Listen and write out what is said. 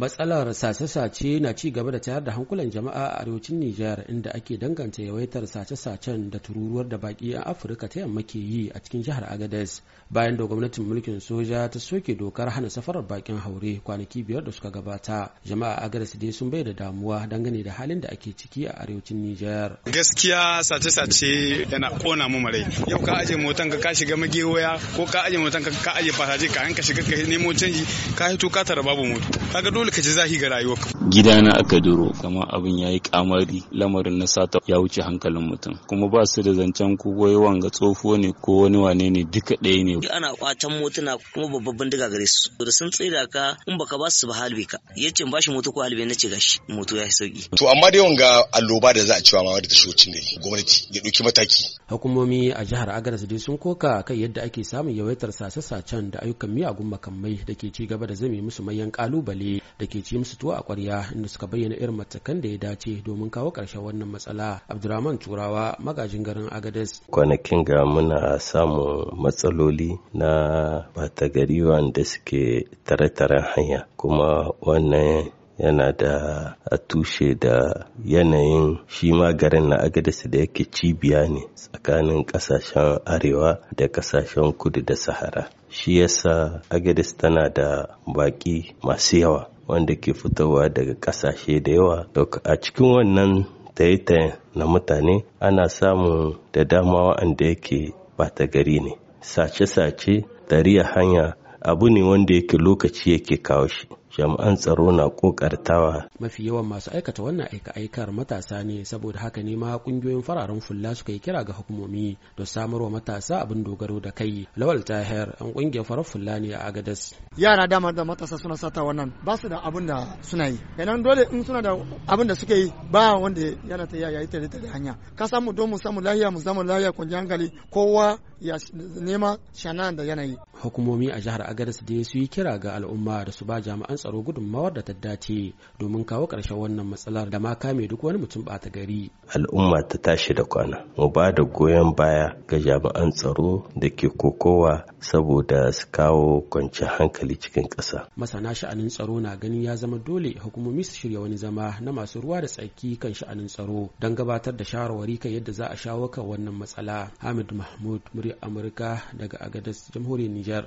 Matsalar sace-sace na ci gaba da tayar da hankulan jama'a a arewacin Nijar inda ake danganta yawaitar sace-sacen da tururuwar da baki a Afirka ta yamma ke yi a cikin jihar Agadez bayan da gwamnatin mulkin soja ta soke dokar hana safarar bakin haure kwanaki biyar da suka gabata. Jama'a Agadez dai sun bai da damuwa dangane da halin da ake ciki a arewacin Nijar. Gaskiya sace-sace yana kona mu marai. Yau ka aje motan ka shiga magewaya ko ka aje motan ka ka aje fasaje ka yanka shiga ka nemo canji ka hito ka tara babu mutu Kaga dole ka ji zahi ga rayuwarka gidana aka duro kama abin ya yi kamari lamarin na sata ya wuce hankalin mutum kuma ba su da zancen ko wai wanga tsofo ne ko wani wane ne duka ɗaya ne ana kwatan motuna kuma babban diga gare su da sun tsira ka in baka ba su ba halbe ka ce ba shi moto ko halbe na ce shi. moto ya sauki to amma da yawan ga alloba da za a cewa ma wadda ta shocin ne gwamnati ya ɗauki mataki hukumomi a jihar agadas dai sun koka kan yadda ake samun yawaitar sasa-sacen da ayyukan miyagun makamai da ke ci gaba da zame musu manyan kalubale da ke ci musu tuwo a kwarya inda suka bayyana irin matakan da ya dace domin kawo ƙarshen wannan matsala abdurrahman turawa magajin garin agades kwanakin ga muna samun matsaloli na bata gari wanda suke tare-taren hanya kuma wannan yana da a tushe da yanayin shi garin na agadis da yake cibiya ne tsakanin kasashen arewa da kasashen kudu da sahara shi yasa agadis tana da baƙi masu yawa wanda ke fitowa daga kasashe da yawa a cikin wannan taitayen na mutane ana samu da dama wa'anda yake bata gari ne sace-sace tariya hanya abu ne wanda yake lokaci yake kawo shi jami'an tsaro na kokartawa mafi yawan masu aikata wannan aika-aikar matasa ne saboda haka ne ma kungiyoyin fararen fulla suka yi kira ga hukumomi da wa matasa abin dogaro da kai lawal tahir an kungiyar farar fulla ne a agadas yara dama da matasa suna sata wannan ba su da abin da suna yi kenan dole in suna da abin da suke yi ba wanda yana ta yaya ita da hanya ka samu don mu samu lahiya mu samu lahiya kun jangali kowa ya nema shana da yanayi hukumomi a jihar agadas da su yi kira ga al'umma da su ba jami'an tsaro gudunmawar da ta dace domin kawo ƙarshen wannan matsalar da ma kame duk wani mutum ɓata gari al'umma ta tashi da kwana mu ba da goyon baya ga jami'an tsaro da ke kokowa saboda su kawo kwanciyar hankali cikin ƙasa. Masana sha'anin tsaro na ganin ya zama dole hukumomi su shirya wani zama na masu ruwa da tsaki kan sha'anin tsaro don gabatar da shawarwari kan yadda za a shawo kan wannan matsala. Hamid Mahmud, murya Amurka daga Agadez, Jamhuriyar Nijar.